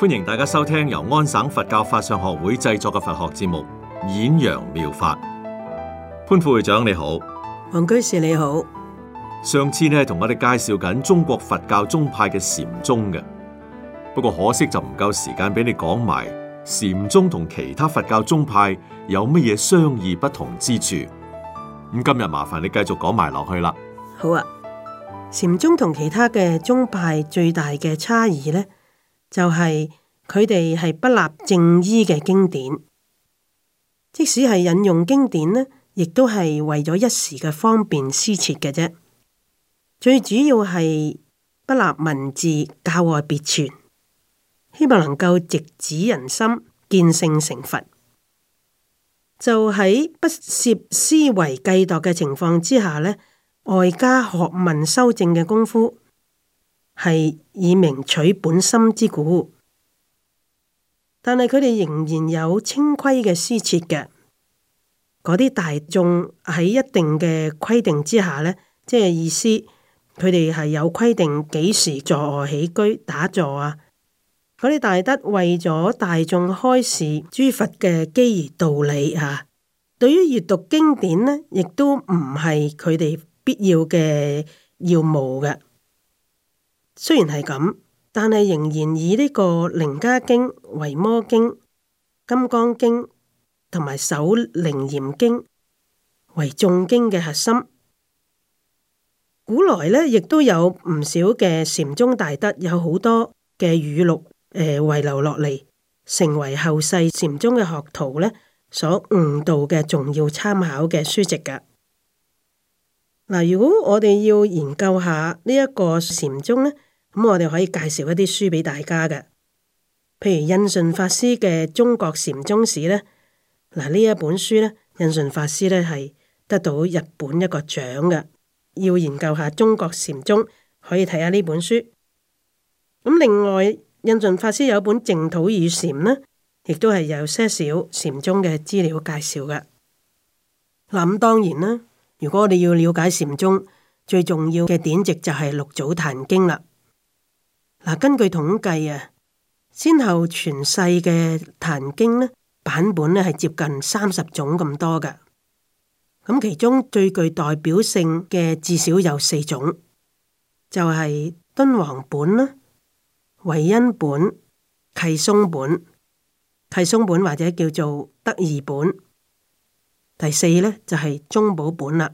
歡迎大家收聽由安省佛教法相學會製作嘅佛學節目《演揚妙，妙法》。潘副會長你好，黃居士你好。上次呢，同我哋介紹緊中國佛教宗派嘅禪宗嘅，不過可惜就唔夠時間俾你講埋禪宗同其他佛教宗派有乜嘢差異不同之處。咁今日麻煩你繼續講埋落去啦。好啊，禪宗同其他嘅宗派最大嘅差異呢？就係佢哋係不立正依嘅經典，即使係引用經典呢，亦都係為咗一時嘅方便施設嘅啫。最主要係不立文字，教外別傳，希望能夠直指人心，見性成佛。就喺不涉思維計度嘅情況之下呢，外加學問修正嘅功夫。係以明取本心之故，但係佢哋仍然有清規嘅施設嘅。嗰啲大眾喺一定嘅規定之下呢，即係意思，佢哋係有規定幾時坐卧起居、打坐啊。嗰啲大德為咗大眾開示諸佛嘅機宜道理啊，對於閲讀經典呢，亦都唔係佢哋必要嘅要務嘅。雖然係咁，但係仍然以呢個《楞伽經》《維摩經》《金剛經》同埋《首楞嚴經》為眾經嘅核心。古來呢，亦都有唔少嘅禪宗大德有好多嘅語錄誒、呃，遺留落嚟，成為後世禪宗嘅學徒呢所悟道嘅重要參考嘅書籍噶。嗱，如果我哋要研究下呢一個禪宗咧，咁我哋可以介紹一啲書俾大家嘅，譬如印順法師嘅《中國禪宗史》咧，嗱呢一本書咧，印順法師咧係得到日本一個獎嘅。要研究下中國禪宗，可以睇下呢本書。咁另外，印順法師有一本《淨土與禪》咧，亦都係有些少禪宗嘅資料介紹嘅。咁當然啦。如果我哋要了解禪宗最重要嘅典籍，就係六祖壇經啦。嗱，根據統計啊，先後傳世嘅壇經呢，版本呢係接近三十種咁多嘅，咁其中最具代表性嘅至少有四種，就係敦煌本啦、惠昕本、契嵩本、契嵩本或者叫做德異本。第四呢，就係宗寶本啦，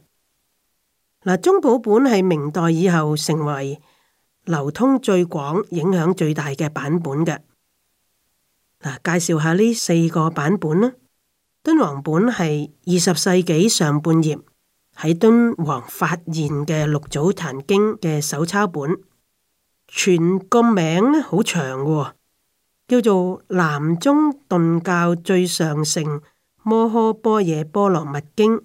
嗱，宗寶本係明代以後成為流通最廣、影響最大嘅版本嘅，嗱，介紹下呢四個版本啦。敦煌本係二十世紀上半葉喺敦煌發現嘅六祖壇經嘅手抄本，全個名咧好長喎，叫做南宗頓教最上乘摩訶般若波羅蜜經，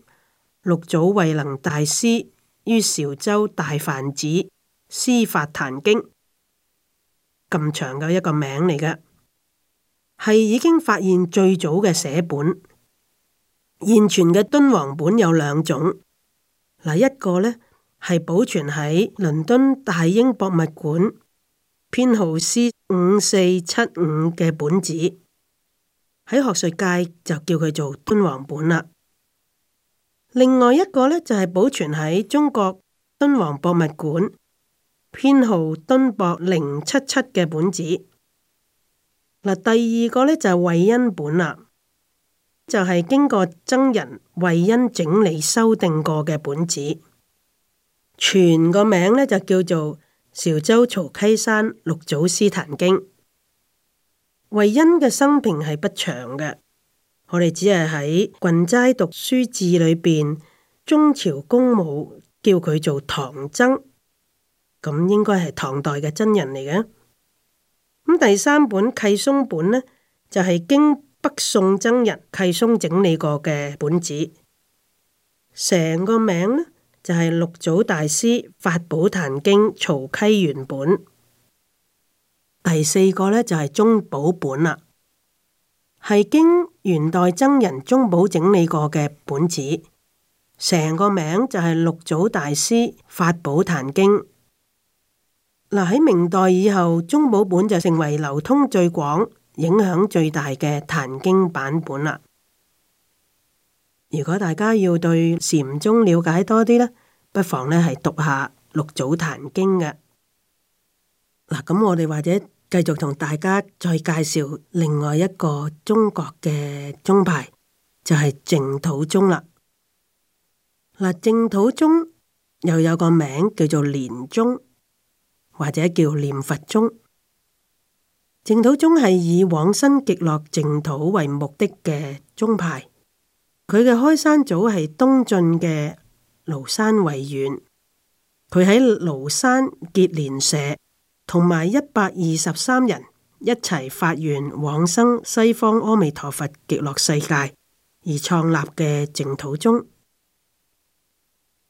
六祖慧能大師於韶州大梵寺施法壇經，咁長嘅一個名嚟嘅，係已經發現最早嘅寫本。現存嘅敦煌本有兩種，嗱一個呢，係保存喺倫敦大英博物館，編號 C 五四七五嘅本子。喺學術界就叫佢做敦煌本啦。另外一個呢，就係、是、保存喺中國敦博博物館，編號敦博零七七嘅本子。嗱，第二個呢，就係、是、惠昕本啦，就係、是、經過僧人惠昕整理修訂過嘅本子。全個名呢，就叫做《韶州曹溪山六祖師壇經》。惠昕嘅生平係不詳嘅，我哋只係喺《郡齋讀書志》裏邊，中朝公武叫佢做唐僧，咁應該係唐代嘅真人嚟嘅。咁第三本契嵩本呢，就係經北宋僧人契嵩整理過嘅本子，成個名呢，就係六祖大師《法寶壇經》曹溪原本。第四個呢，就係宗寶本啦，係經元代僧人宗寶整理過嘅本子，成個名就係、是、六祖大師法寶壇經。嗱喺、嗯、明代以後，宗寶本就成為流通最廣、影響最大嘅壇經版本啦。如果大家要對禪宗了解多啲呢，不妨呢係讀下六祖壇經嘅。嗱，咁、嗯、我哋或者～繼續同大家再介紹另外一個中國嘅宗派，就係、是、淨土宗啦。嗱，淨土宗又有個名叫做蓮宗，或者叫念佛宗。淨土宗係以往生極樂淨土為目的嘅宗派。佢嘅開山祖係東晉嘅廬山慧遠，佢喺廬山結蓮社。同埋一百二十三人一齊發願往生西方阿彌陀佛極樂世界，而創立嘅淨土宗。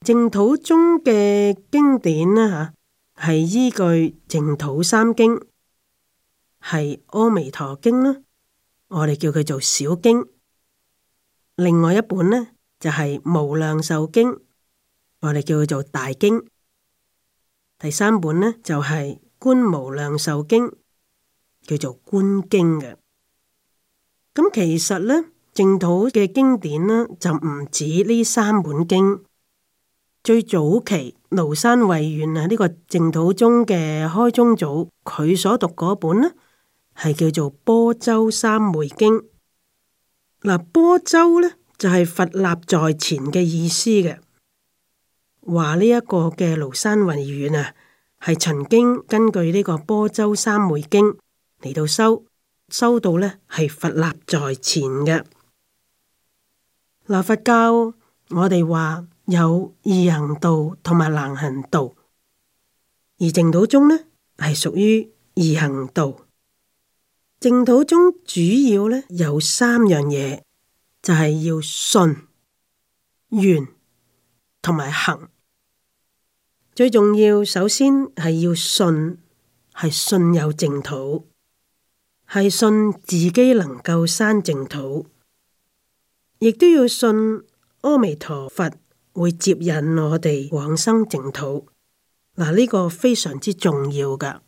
淨土宗嘅經典呢？嚇，係依據淨土三經，係《阿彌陀經》呢，我哋叫佢做小經；另外一本呢，就係、是《無量壽經》，我哋叫佢做大經；第三本呢，就係、是。觀無量壽經叫做觀經嘅。咁其實呢淨土嘅經典呢，就唔止呢三本經，最早期廬山慧遠啊呢、這個淨土宗嘅開宗祖，佢所讀嗰本呢，係叫做波州三昧經，嗱、啊、波州呢，就係、是、佛立在前嘅意思嘅，話呢一個嘅廬山慧遠啊。係曾經根據呢個般舟三昧經嚟到修修到咧，係佛立在前嘅。嗱，佛教我哋話有易行道同埋難行道，而淨土宗咧係屬於易行道。淨土宗主要咧有三樣嘢，就係要信、願同埋行。最重要，首先係要信，係信有淨土，係信自己能夠生淨土，亦都要信阿彌陀佛會接引我哋往生淨土。嗱，呢個非常之重要噶。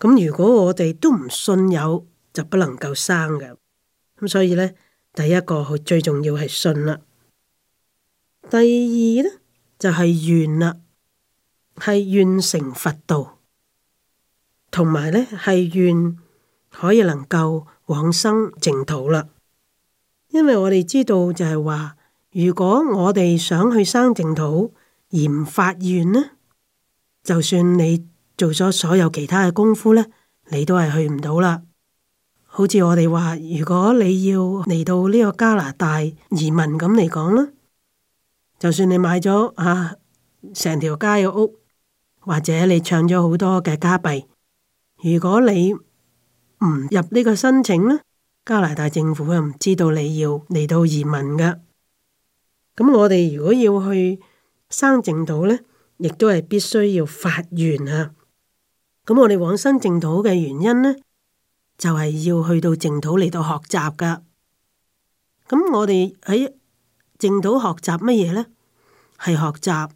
咁如果我哋都唔信有，就不能夠生噶。咁所以呢，第一個最重要係信啦。第二呢，就係願啦。係願成佛道，同埋咧係願可以能夠往生淨土啦。因為我哋知道就係話，如果我哋想去生淨土，而唔發願呢，就算你做咗所有其他嘅功夫咧，你都係去唔到啦。好似我哋話，如果你要嚟到呢個加拿大移民咁嚟講啦，就算你買咗啊成條街嘅屋。或者你搶咗好多嘅加幣，如果你唔入呢個申請咧，加拿大政府又唔知道你要嚟到移民噶。咁我哋如果要去生淨土呢，亦都係必須要發願啊。咁我哋往生淨土嘅原因呢，就係要去到淨土嚟到學習噶。咁我哋喺淨土學習乜嘢呢？係學習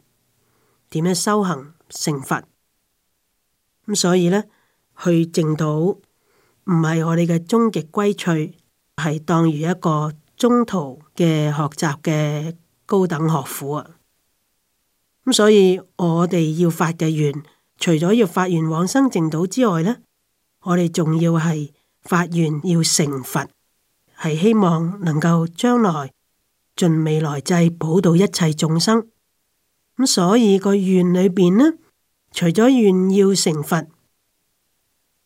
點樣修行。成佛，咁所以呢，去淨土唔係我哋嘅終極歸趣，係當如一個中途嘅學習嘅高等學府啊！咁所以我哋要發嘅願，除咗要發願往生淨土之外呢，我哋仲要係發願要成佛，係希望能夠將來盡未來際，普度一切眾生。咁所以個願裏邊呢，除咗願要成佛，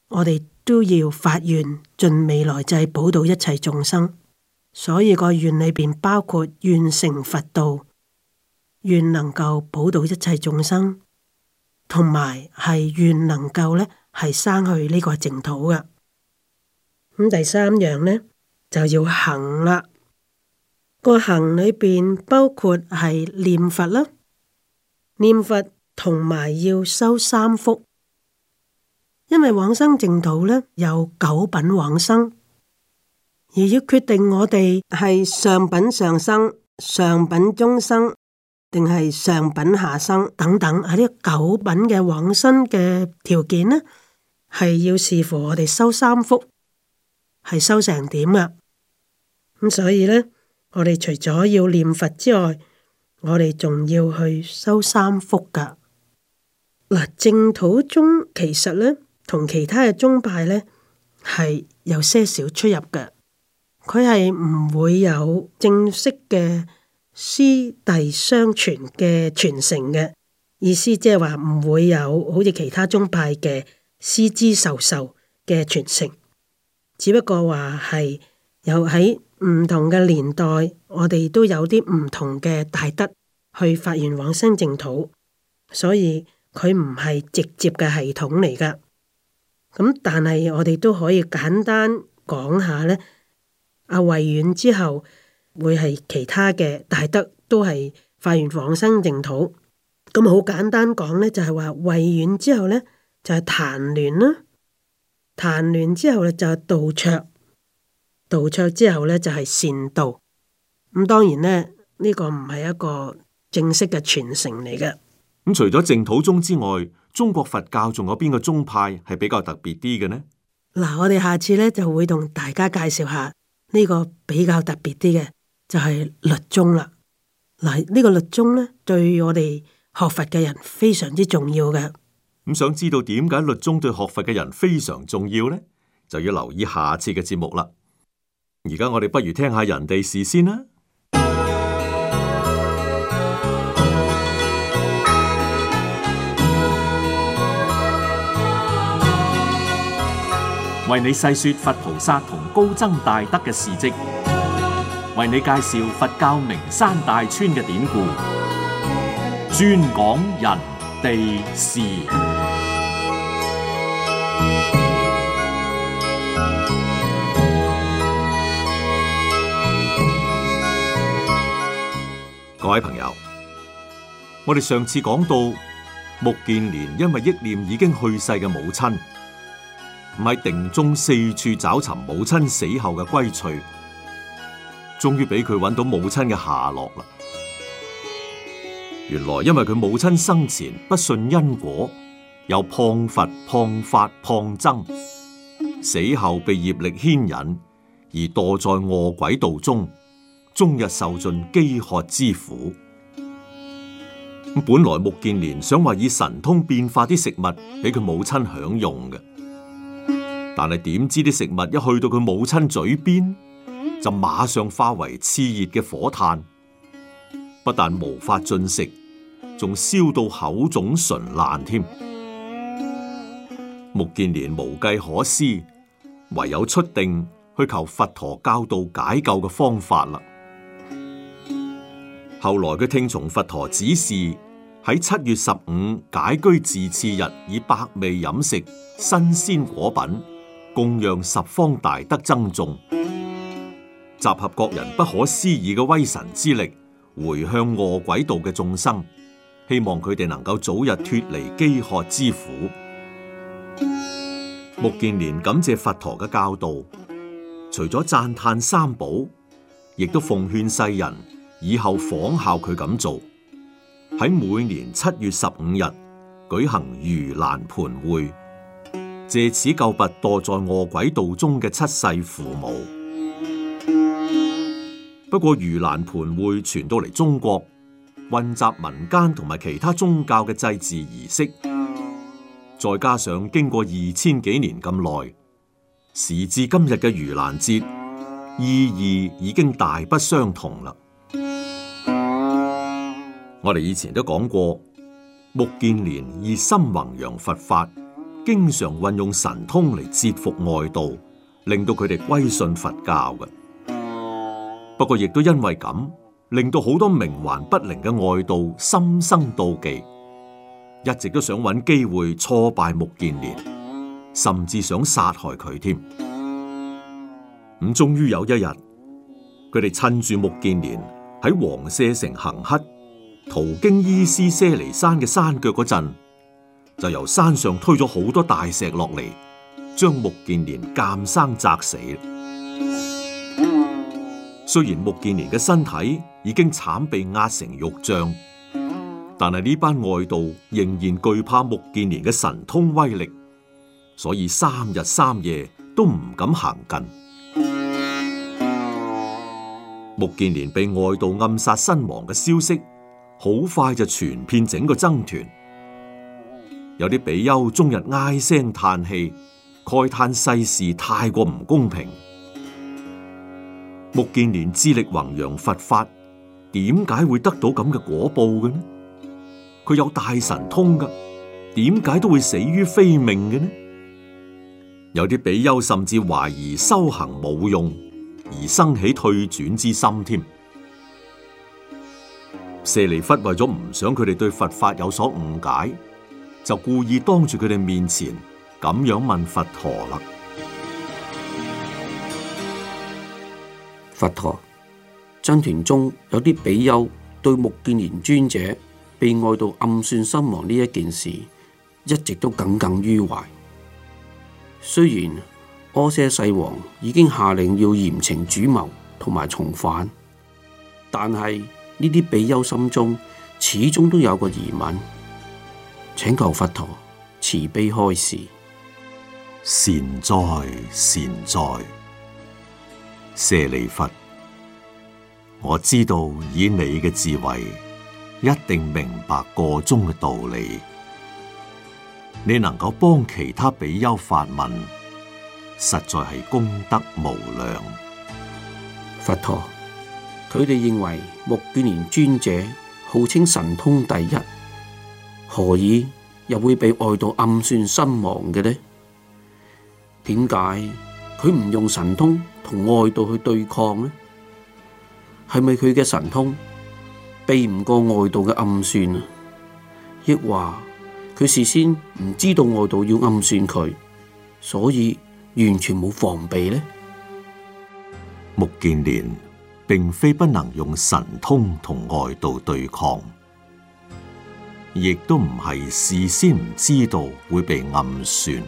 我哋都要發願盡未來際保到一切眾生。所以個願裏邊包括願成佛道，願能夠保到一切眾生，同埋係願能夠呢係生去呢個淨土噶。咁第三樣呢就要行啦，個行裏邊包括係念佛啦。念佛同埋要修三福，因為往生淨土呢有九品往生，而要決定我哋係上品上生、上品中生，定係上品下生等等，喺呢個九品嘅往生嘅條件呢，係要視乎我哋修三福，係修成點啊，咁所以呢，我哋除咗要念佛之外，我哋仲要去修三福㗎。嗱，淨土宗其實呢，同其他嘅宗派呢，係有些少出入嘅。佢係唔會有正式嘅師弟相傳嘅傳承嘅意思，即係話唔會有好似其他宗派嘅師資授受嘅傳承。只不過話係有喺。唔同嘅年代，我哋都有啲唔同嘅大德去發願往生淨土，所以佢唔係直接嘅系統嚟噶。咁但係我哋都可以簡單講下咧。阿慧遠之後會係其他嘅大德都係發願往生淨土。咁好簡單講咧，就係話慧遠之後咧就係曇鸞啦，曇鸞之後咧就係、是、道綽。道卓之後咧就係、是、善導，咁、嗯、當然咧呢、這個唔係一個正式嘅傳承嚟嘅。咁、嗯、除咗淨土宗之外，中國佛教仲有邊個宗派係比較特別啲嘅呢？嗱，我哋下次咧就會同大家介紹下呢、這個比較特別啲嘅，就係、是、律宗啦。嗱，呢、這個律宗咧對我哋學佛嘅人非常之重要嘅。咁、嗯、想知道點解律宗對學佛嘅人非常重要呢？就要留意下次嘅節目啦。而家我哋不如聽下人哋事先啦，為你細說佛菩薩同高僧大德嘅事跡，為你介紹佛教名山大川嘅典故，專講人哋事。各位朋友，我哋上次講到目犍連因為憶念已經去世嘅母親，喺定中四處找尋母親死後嘅歸趣，終於俾佢揾到母親嘅下落啦。原來因為佢母親生前不信因果，有謗佛謗法謗僧，死後被業力牽引而墮在餓鬼道中。終日受盡飢渴之苦。本來目犍連想話以神通變化啲食物俾佢母親享用嘅，但係點知啲食物一去到佢母親嘴邊，就馬上化為熾熱嘅火炭，不但無法進食，仲燒到口腫唇爛添。目犍連無計可施，唯有出定去求佛陀教導解救嘅方法啦。後來佢聽從佛陀指示，喺七月十五解居自恣日，以百味飲食、新鮮果品，供養十方大德僧眾，集合各人不可思議嘅威神之力，回向餓鬼道嘅眾生，希望佢哋能夠早日脫離飢渴之苦。目犍連感謝佛陀嘅教導，除咗讚嘆三寶，亦都奉勸世人。以後仿效佢咁做，喺每年七月十五日舉行盂蘭盆會，借此救拔墮在餓鬼道中嘅七世父母。不過盂蘭盆會傳到嚟中國，混雜民間同埋其他宗教嘅祭祀儀式，再加上經過二千幾年咁耐，時至今日嘅盂蘭節意義已經大不相同啦。我哋以前都講過，目犍連以心弘揚佛法，經常運用神通嚟折伏外道，令到佢哋歸信佛教嘅。不過，亦都因為咁，令到好多冥頑不靈嘅外道心生妒忌，一直都想揾機會挫敗目犍連，甚至想殺害佢添。咁終於有一日，佢哋趁住目犍連喺王舍城行乞。途經伊斯舍尼山嘅山腳嗰陣，就由山上推咗好多大石落嚟，將目犍連劍生砸死。 雖然目犍連嘅身體已經慘被壓成肉醬，但係呢班外道仍然懼怕目犍連嘅神通威力，所以三日三夜都唔敢行近。 目犍連被外道暗殺身亡嘅消息，好快就傳遍整個僧團，有啲比丘終日唉聲嘆氣，慨嘆世事太過唔公平。目犍連致力弘揚佛法，點解會得到咁嘅果報嘅呢？佢有大神通㗎，點解都會死於非命嘅呢？有啲比丘甚至懷疑修行冇用，而生起退轉之心添。舍利弗為咗唔想佢哋對佛法有所誤解，就故意當住佢哋面前咁樣問佛陀啦。佛陀，僧團中有啲比丘對目犍連尊者被愛到暗算身亡呢一件事，一直都耿耿於懷。雖然阿闍世王已經下令要嚴懲主謀同埋從犯，但係。呢啲比丘心中始終都有個疑問，請求佛陀慈悲開示。善哉善哉，舍利弗，我知道以你嘅智慧，一定明白個中嘅道理。你能夠幫其他比丘發問，實在係功德無量。佛陀。佢哋認為目犍連尊者號稱神通第一，何以又會被外道暗算身亡嘅呢？點解佢唔用神通同外道去對抗呢？係咪佢嘅神通避唔過外道嘅暗算啊？抑話佢事先唔知道外道要暗算佢，所以完全冇防備呢？目犍連。並非不能用神通同外道對抗，亦都唔係事先唔知道會被暗算，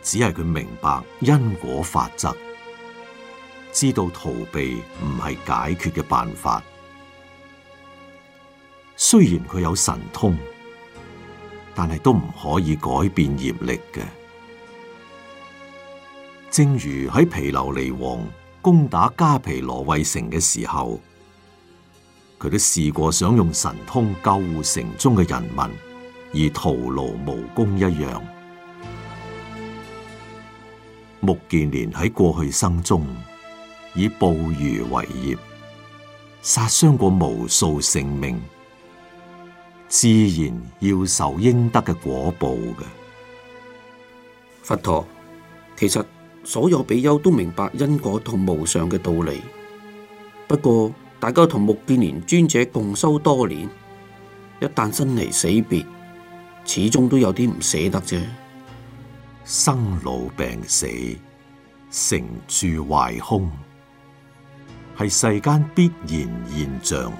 只係佢明白因果法則，知道逃避唔係解決嘅辦法。雖然佢有神通，但係都唔可以改變業力嘅。正如喺毘琉璃王。攻打迦毗羅衛城嘅時候，佢都試過想用神通救護城中嘅人民，而徒勞無功一樣。目犍連喺過去生中以捕魚為業，殺傷過無數性命，自然要受應得嘅果報嘅。佛陀，其實。所有比丘都明白因果同無常嘅道理，不過大家同目犍連尊者共修多年，一旦生離死別，始終都有啲唔捨得啫。生老病死、成住壞空，係世間必然現象。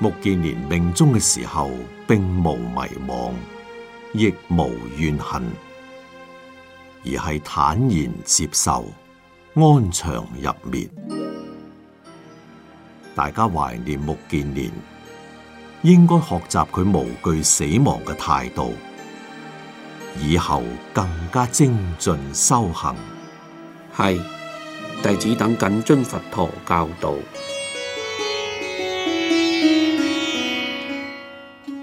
目犍連命終嘅時候，並無迷惘，亦無怨恨。而係坦然接受，安詳入滅。大家懷念目犍連，應該學習佢無懼死亡嘅態度，以後更加精進修行。係弟子等謹遵佛陀教導，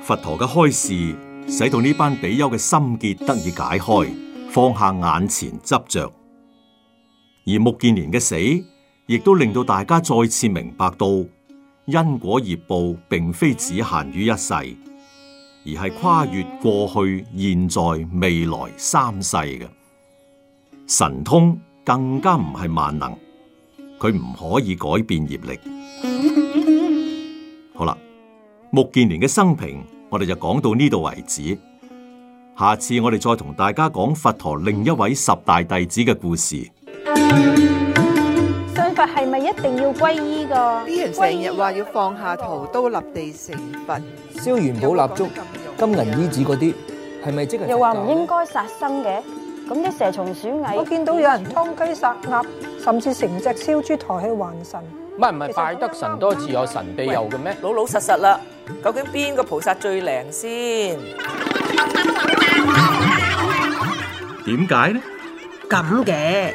佛陀嘅開示使到呢班比丘嘅心結得以解開，放下眼前執着，而目犍連嘅死，亦都令到大家再次明白到因果業報並非只限於一世，而係跨越過去、現在、未來三世嘅。神通更加唔係萬能，佢唔可以改變業力。好啦，目犍連嘅生平，我哋就講到呢度為止。下次我哋再同大家講佛陀另一位十大弟子嘅故事。信佛係咪一定要皈依噶？啲人成日話要放下屠刀立地成佛，燒元寶蠟燭、金銀衣紙嗰啲係咪即係？又話唔應該殺生嘅，咁啲蛇蟲鼠蟻，我見到有人殺雞殺鴨，甚至成隻燒豬抬去還神。唔係唔係，拜得神多自有神庇佑嘅咩？老老實實啦，究竟邊個菩薩最靈先？ 點解 呢？咁嘅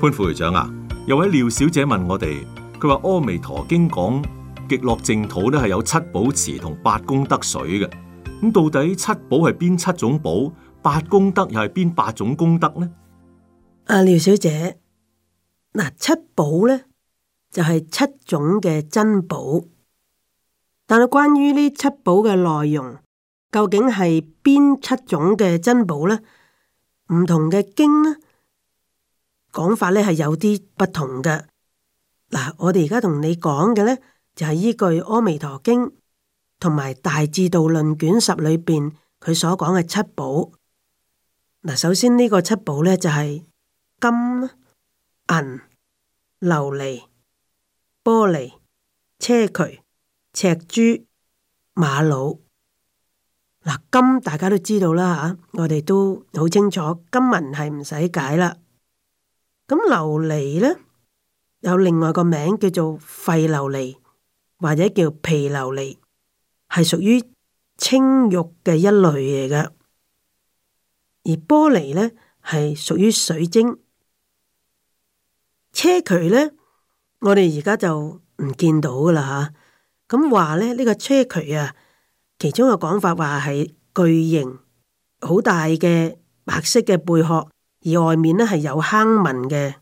潘副會長啊，有位廖小姐問我哋，佢話《阿彌陀經》講極樂淨土咧係有七寶池同八功德水嘅，咁到底七寶係邊七種寶，八功德又係邊八種功德呢？阿廖小姐，嗱，七寶咧就係七種嘅珍寶。但係關於呢七寶嘅內容，究竟係邊七種嘅珍寶呢？唔同嘅經呢，講法呢係有啲不同嘅。嗱，我哋而家同你講嘅呢，就係依據《阿彌陀經》同埋《大智度論》卷十裏邊佢所講嘅七寶。嗱，首先呢個七寶呢，就係、是、金、銀、琉璃、玻璃、硨磲。赤珠、瑪瑙，嗱、啊、金大家都知道啦嚇、啊，我哋都好清楚。金文係唔使解啦。咁、啊、琉璃咧，有另外個名叫做吠琉璃，或者叫皮琉璃，係屬於青玉嘅一類嚟噶。而玻璃咧，係屬於水晶。硨磲咧，我哋而家就唔見到噶啦嚇。啊咁話呢，呢個硨磲啊，其中個講法話係巨型、好大嘅白色嘅貝殼，而外面呢係有坑紋嘅。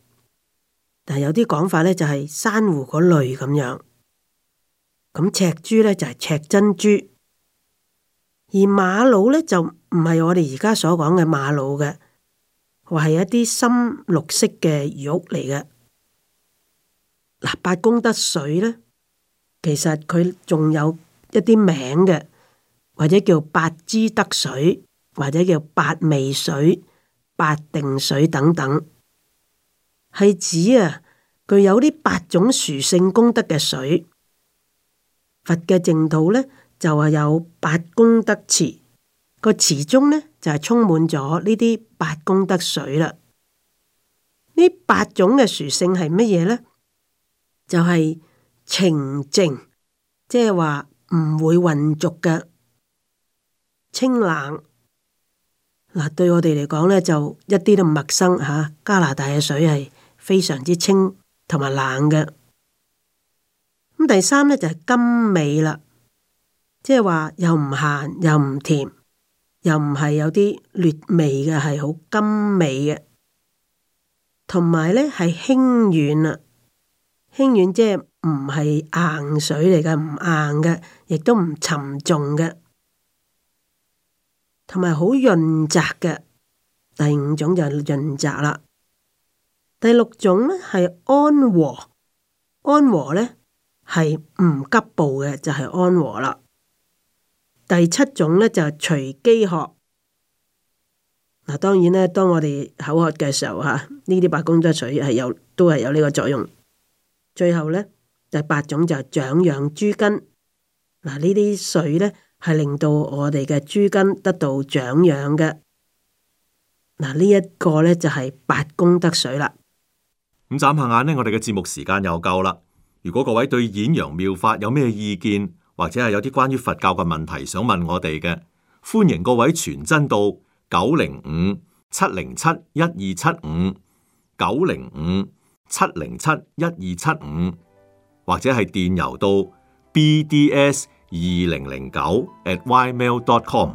但係有啲講法呢就係珊瑚嗰類咁樣。咁赤珠呢就係赤珍珠，而瑪瑙呢就唔係我哋而家所講嘅瑪瑙嘅，話係一啲深綠色嘅玉嚟嘅。嗱，八功德水呢。其實佢仲有一啲名嘅，或者叫八支德水，或者叫八味水、八定水等等，係指啊佢有呢八種屬性功德嘅水。佛嘅淨土咧就係有八功德池，這個池中咧就係、是、充滿咗呢啲八功德水啦。呢八種嘅屬性係乜嘢咧？就係、是。澄淨，即係話唔會渾濁嘅清冷。嗱、啊，對我哋嚟講呢，就一啲都唔陌生吓、啊。加拿大嘅水係非常之清同埋冷嘅。咁、啊、第三呢，就係、是、甘美啦，即係話又唔鹹又唔甜，又唔係有啲劣味嘅，係好甘美嘅，同埋呢，係輕軟啦，輕軟即係。唔係硬水嚟嘅，唔硬嘅，亦都唔沉重嘅，同埋好潤澤嘅。第五種就係潤澤啦。第六種呢係安和，安和呢係唔急暴嘅，就係、是、安和啦。第七種呢就是、除饑渴。嗱，當然咧，當我哋口渴嘅時候吓，呢啲八功德水係有都係有呢個作用。最後呢。第八種就係長養諸根，嗱呢啲水咧，係令到我哋嘅諸根得到長養嘅。嗱、這個、呢一個咧就係、是、八功德水啦。咁、嗯、眨下眼咧，我哋嘅節目時間又夠啦。如果各位對演揚妙法有咩意見，或者係有啲關於佛教嘅問題想問我哋嘅，歡迎各位傳真到九零五七零七一二七五九零五七零七一二七五。或者係電郵到 bds 二零零九 at ymail dot com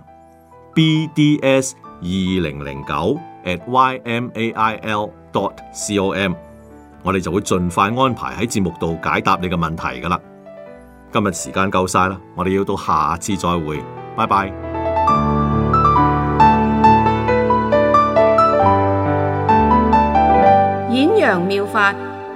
bds 二零零九 at ymail dot com，我哋就會盡快安排喺節目度解答你嘅問題噶啦。今日時間夠晒啦，我哋要到下次再會，拜拜。演揚妙法。